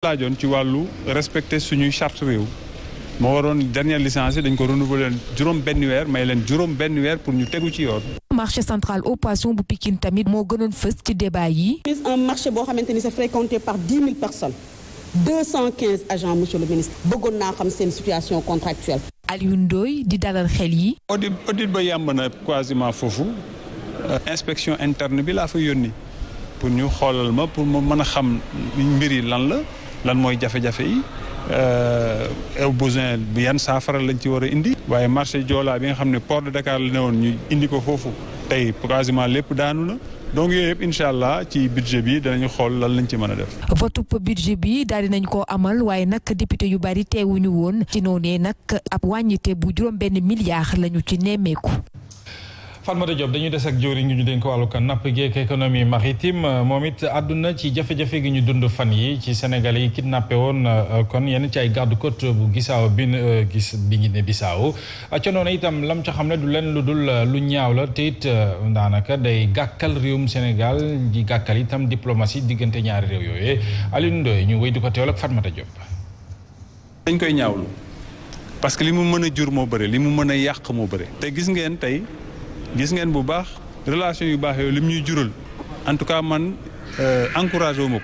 laajoon ci wàllu respecter suñuy charte réew moo waroon dernière licence dañ ko renouveler juróom benn weer may leen juróom benn weer pour ñu tegu ci yoon. marché central au poisson bu Pikine tamit moo gënoon fës ci débat yi. plus un marché boo xamante ni c'est fréquenté par dix mille personnes deux cent quinze agents monsieur le ministre bëggoon naa xam seen situation contractuelle. Aliou Ndoye di dalal xel yi. audit audit ba yàmb na quasiment foofu euh, inspection interne bi laa fa yónni pour ñu xoolal ma pour ma mën a xam mbir yi lan la. lan mooy jafe-jafe yi ew euh, besoin bi yan saafara lañ ci war a indi. waaye marché Joola bi nga xam ne port de Dakar la ne woon ñu indi ko foofu tey quasiment lépp daanu na. donc yooyu yëpp incha allah ci budget bi danañu xool lan lañ ci mën a def. votu budget bi daal dinañ koo amal waaye nag député yu bari teewuñu woon ci noonee nag ab wàññite bu juróom benn milliard lañu ci nemmeeku. Fatmata Diop dañuy des ak jëwriñ gi ñu dénk wàllu ko napp geek économie maritime moom it àdduna ci jafe-jafe gi ñu dund fan yi ci Sénégal yi kidnappé woon euh, kon yenn ci ay garde côte bu gisaaw bi euh, gis bi ngi ne bisaaw ca noonu itam lam ca xam ne du leen lu dul euh, lu ñaaw la te it daanaka day gàkkal réewum Sénégal di gàkkal itam diplomatie diggante ñaari réew yooye Alioune Ndoye ñu wéy di ko teewal ak Fatmata Diop dañ koy ñaawlu parce que li mu mën a jur moo bëri li mu mën a yàq moo bëri te gis ngeen tey gis ngeen bu baax relation yu baax yooyu lim ñuy jural en tout cas man euh, encouragé wu ma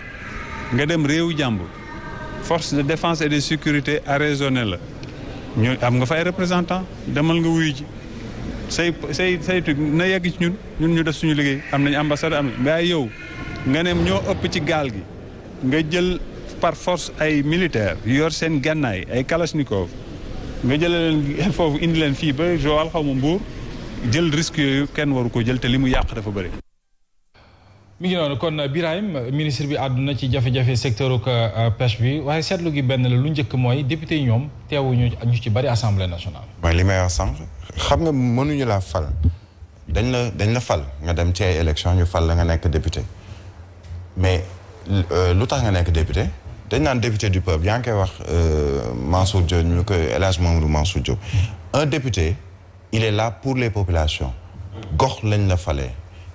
nga dem réewu jàmbur force de défense et de sécurité arraisonné la ñu am nga fay ay représentant demal nga wuyu ji say say saytu na yegg ci ñun ñun ñu def suñu liggéey am nañu ambassade am waaye yow nga ne ñoo ëpp ci gaal gi nga jël par force ay militaire yor seen gànnaay ay kalachnikov nga jëlee leen foofu indi leen fii ba Joal xaw ma Mbuur jël risque yooyu kenn waru ko jël te li mu yàq dafa bëri. mi ngi noonu kon Birahim ministre bi àdduna ci jafe-jafe secteur euh, pêche bi waaye seetlu gi benn la lu njëkk mooy député yi ñoom teewu ñu ci bari assemblée nationale. mooy li may wax sànq xam nga mënuñu laa fal dañ na dañ la fal nga dem ci ay élection ñu fal la nga nekk député mais euh, lu tax nga nekk député dañ naan député du peuple yaa ngi koy wax euh, Mansour Diop ñu koy El Hadj Mamadou Mansour Diop un député. il est là pour les populations gox lañ la fale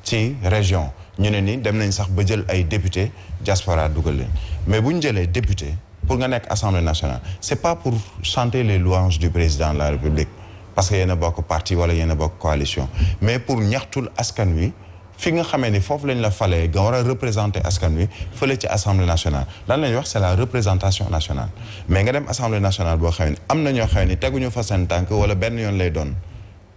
ci région ñu ne nii dem nañ sax ba jël ay député diaspora dugal leen mais bu ñu jëlee député pour nga nekk assemblée nationale c'est pas pour chanter les louanges du président de la république parce que yéen a bokk parti wala yenn a bokk coalition mais pour ñaxtul askan wi fi nga xamee ni foofu lañ la falee nga war a représenter askan wi fële ci assemblée nationale lan lañuy wax c'est la représentation nationale mais nga dem assemblée nationale boo xamee ni am na ñoo xamee ni teguñu fa seen wala benn yoon lay doon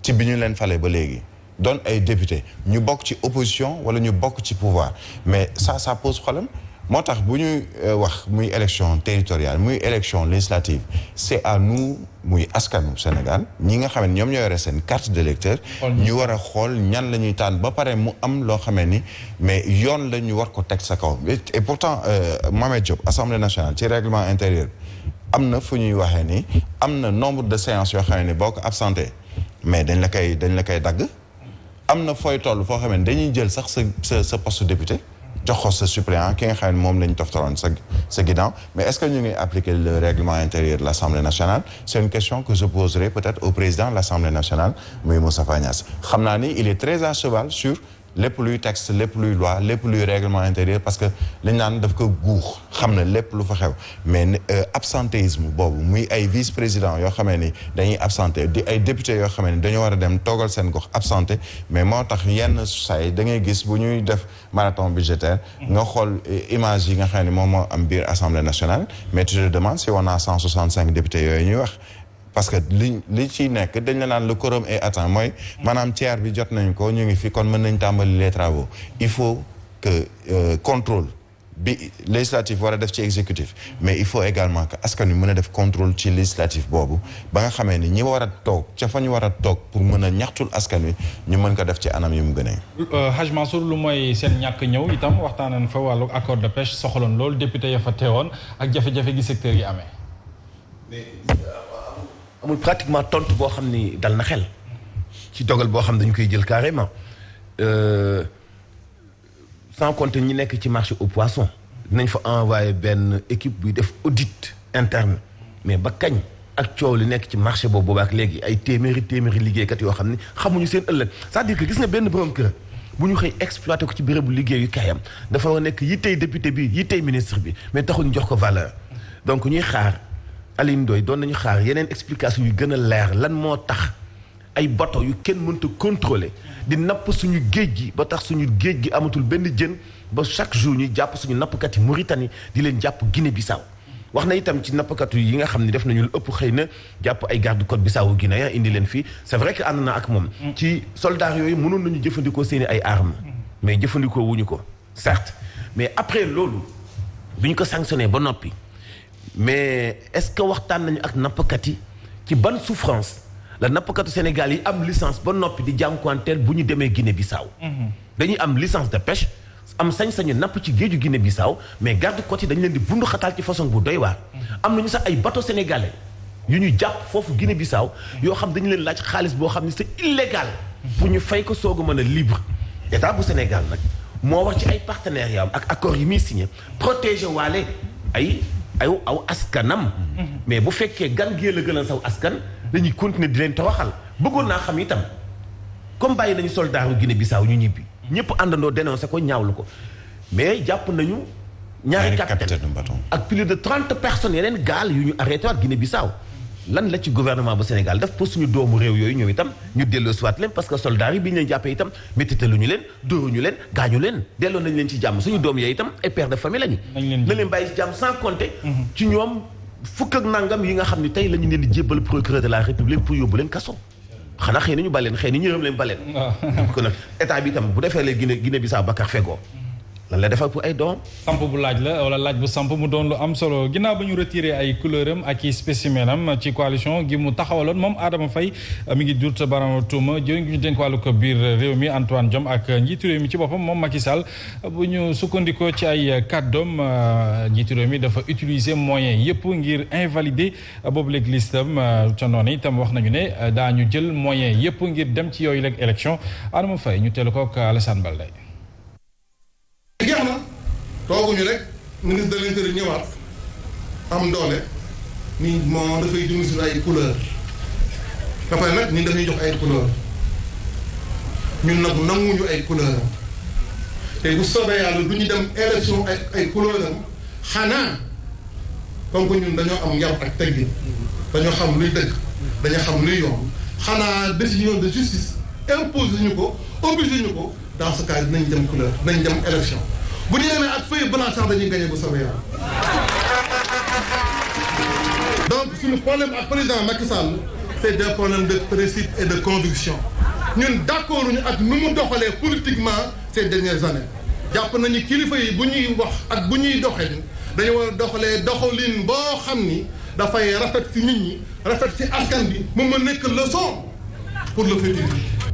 ci bi ñu leen fale ba léegi doon ay député ñu bokk ci opposition wala ñu bokk ci pouvoir mais ça ça pose problème moo tax bu ñuy euh, wax muy élection territoriale muy élection législative c'est à nous muy askanu Sénégal ñi nga xam ne ñoom ñoo yore seen carte d'électeur ñu war a xool ñan la ñuy tànn ba pare mu am loo xamee ni mais yoon la ñu war ko teg sa kaw et pourtant euh, Mohamed Diop assemblée nationale ci règlement intérieur am na fu ñuy waxee ni am na nombre de séances yoo xam ne ni boo ko absenté mais dañ la koy dañ la koy dagg am na fooy toll foo xam ne dañuy jël sax sa sa sa poste député jox suppléant ki nga xam ne moom la ñu toftaloon sa sa ginnaaw mais est-ce que ñu ngi appliquer le règlement intérieur de l'Assemblée nationale c'est une question que je poserai peut-être au président de l'Assemblée nationale muy Moustapha Niasse xam naa ni il est très à cheval sur lépp luy texte lépp luy loi lépp luy réglement intérieur parce que li ñu naan daf ko guux xam na lépp lu fa xew mais euh, absentéisme boobu muy ay vice président yoo xamee ni dañuy absenté di ay député yoo xamee ni dañoo war a dem toogal seen gox absenté mais moo tax yenn saay da ngay gis bu ñuy def marathon budgétaire nga xool euh, image yi nga xam ne moom moo am biir assemblée nationale mais tu te demandes si cent a cinq députés yooyu ñuy wax parce que li li ciy nekk dañ la naan le quorum est atteint mooy maanaam tiers bi jot nañ ko ñu ngi fi kon mën nañu tàmbali les travaux il faut que euh, contrôle bi législatif war a def ci exécutif mais il faut également que askan wi mën a def contrôle ci législatif boobu ba nga xamee ni ñi war a toog ca fa ñu war a toog pour mën a ñaxtul askan wi ñu mën ko def ci anam yi mu gënee. Euh, Haj Mansour lu mooy seen ñàkk ñëw itam waxtaan nañ fa wàllu accord de pêche soxaloon loolu député ya fa teewoon ak jafe-jafe gi yi amee. amul pratiquement tontu boo xam ni dal na xel ci dogal boo xam dañu koy jël carrément euh, sans compter ñi nekk ci marché au poisson dinañ fa envoyé benn équipe buy def audit interme mais ba kañ ak coow li nekk ci marché boobu ak léegi ay téeméeri téeméeri liggéeykat yoo xam ni xamuñu seen ëllëg c'est-à-dire que gis nga benn borom kër bu ñu xëy exploité ko ci bërëbu liggéeyu kaayam dafa war a nekk yittey député bi yittey ministre bi mais taxul jox ko valeur Alioune Ndoye doon nañu xaar yeneen explication yu gën a leer lan moo tax ay bato yu kenn mënta contrôler di napp suñu géej gi ba tax suñu géej gi amatul benn jën ba chaque jour ñuy jàpp suñu nappkat yi Mauritanie di leen jàpp Guinée Bissau wax na itam ci nappkatu yi nga xam ne def nañu ëpp xëy na jàpp ay garde côte Bissau Guinée indi leen fii c'est vrai que ànd na ak moom mm. ci soldats yooyu mënoon nañu jëfandikoo seeni ay armes mm. mais jëfandikoo wuñu ko certes mais après loolu bi ñu ko sanctionné ba noppi mais est-ce que waxtaan nañu ak nappkat yi ci ban souffrance la nappkatu Sénégal yi am licence ba noppi di jànkuwanteel bu ñu demee Guinée Bissau mhm. dañuy am licence de pêche am sañ-sañu napp ci géeju Guinée Bissau mais garde côte yi dañu leen di bundu xataal ci façon bu doy waar mhm. am nañu sax ay bateau sénégalais yu ñu jàpp foofu Guinée Bissau yoo xam dañu leen laaj xaalis boo xam ne c'est illégal pour ñu fay ko soog a mën a libre état bu Sénégal nag moo wax ci ay partenaires am ak accords yi muy signé protéger waale ay aw aw askanam. mais bu fekkee gan gee la gënal saw askan dañuy continuer di leen tawaxal bëggoon naa xam itam comme bàyyi nañu soldaaru Guinée Bissau ñu ñibbi. ñëpp àndandoo dénoncé ko ñaawlu ko mais jàpp nañu. ñaari capitaine ak plus de trente personnes yeneen gaal yu ñu arrêté waat Guinée Bissau lan la ci gouvernement bu Sénégal def pour suñu doomu réew yooyu ñëw itam ñu delloo siwaat leen parce que soldats yi bi ñu leen jàppee itam méttitaluñu leen dóoruñu leen gaañu leen delloo nañ leen ci jàmm suñu doom yooyu itam ay père de famille lañu na leen bàyyi ci jàmm sans compter mhm. ci ñoom fukk ak nangam yi nga xam ne tey la ñu leen di jébbal procureur de la république pour yóbbu leen kaso xanaa xëy na ñu baleen xëy na leen baleen kon nag état bi itam bu defee leen Guinée Guinée Bissau Bakar fegoo lan la defal ay doom samp bu laaj la wala laaj bu samp mu doon lu am solo ginnaaw ba ñu retiré ay couleuram ak i spécimen am ci coalition gi mu taxawaloon moom Adama fay euh, mi ngi duut barama tuuma jëriñ gi ñu dénk wàllu ko biir réew mi Antoine jom ak euh, njiitu réew mi ci boppam moom Macky Sall euh, bu ñu sukkandikoo ci ay kàddoom njiitu réew mi dafa utiliser moyen yëpp ngir invalider boobu léegi liste am itam wax nañu ne daa ñu jël moyen yëpp ngir dem ci yooyu léegi élection Adama Faye ñu teelu ko ak Alassane Balde tooguñu rek ministre de l'intérieur ñëwaat am doole ni moo dafay dund si ay couleur ba nag ñun dañuy jox ay couleur ñun nag nanguñu ay couleur am te bu soobee yàlla du dem élection ay ay couleur am xanaa comme que ñun dañoo am yar ak xam luy dëkk dañoo xam luy yoon xanaa décision de justice impose ñu ko obligé ñu ko dans ce dem couleur dinañ dem élection bu ñu demee ak feuille blanche sax dañuy gagné bu soobee yàlla. donc suñu problème ak président Macky Sall c' est des problèmes de principe et de conviction ñun d' accord ñu ak nu mu doxalee politiquement ces dernières années. jàpp nañu kilifa yi bu ñuy wax ak bu ñuy doxee dañu war a doxalee doxalin boo xam ni dafay rafet ci nit ñi rafet ci askan bi mu ma nekk le leçon pour le futur.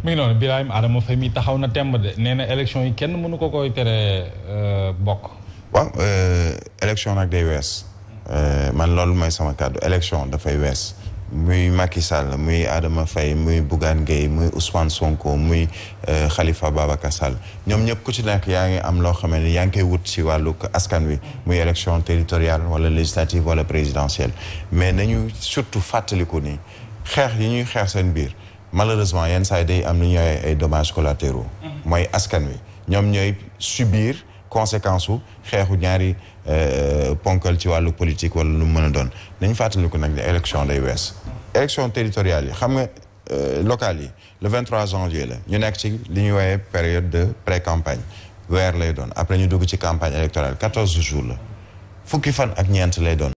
mi ngi noonu Birahim Adama Faye mi taxaw na temb de nee na yi kenn mënu ko koy tere euh, bokk. waaw euh, élection nag day wees euh, man loolu mooy sama kàddu élection dafay wees muy Macky Sall muy Adama Faye muy Bougane Gueye muy Ousmane Sonko muy xalifa Babacar Sall ñoom ñëpp ku ci nekk yaa ngi am loo xam ne yaa ngi koy wut ci wàllu askan wi muy élection territoriale wala législative wala présidentielle mais nañu surtout fàttaliku ni xeex yi ñuy xeex seen biir. malheureusement yenn saa yi day am lu ñuy ay dommages collatéraux. mooy askan wi ñoom ñooy subiir conséquence su xeexu ñaari euh, ponkal ci wàllu politique wala lu mu mën a doon nañ fàttaliku nag ne élection day wees. élection territoriale yi xam nga euh, locales yi le 23 janvier la ñu nekk ci li ñuy woowee période de pré campagne weer lay doon après ñu dugg ci campagne électorale 14 jours la fukki fan ak ñeent lay doon.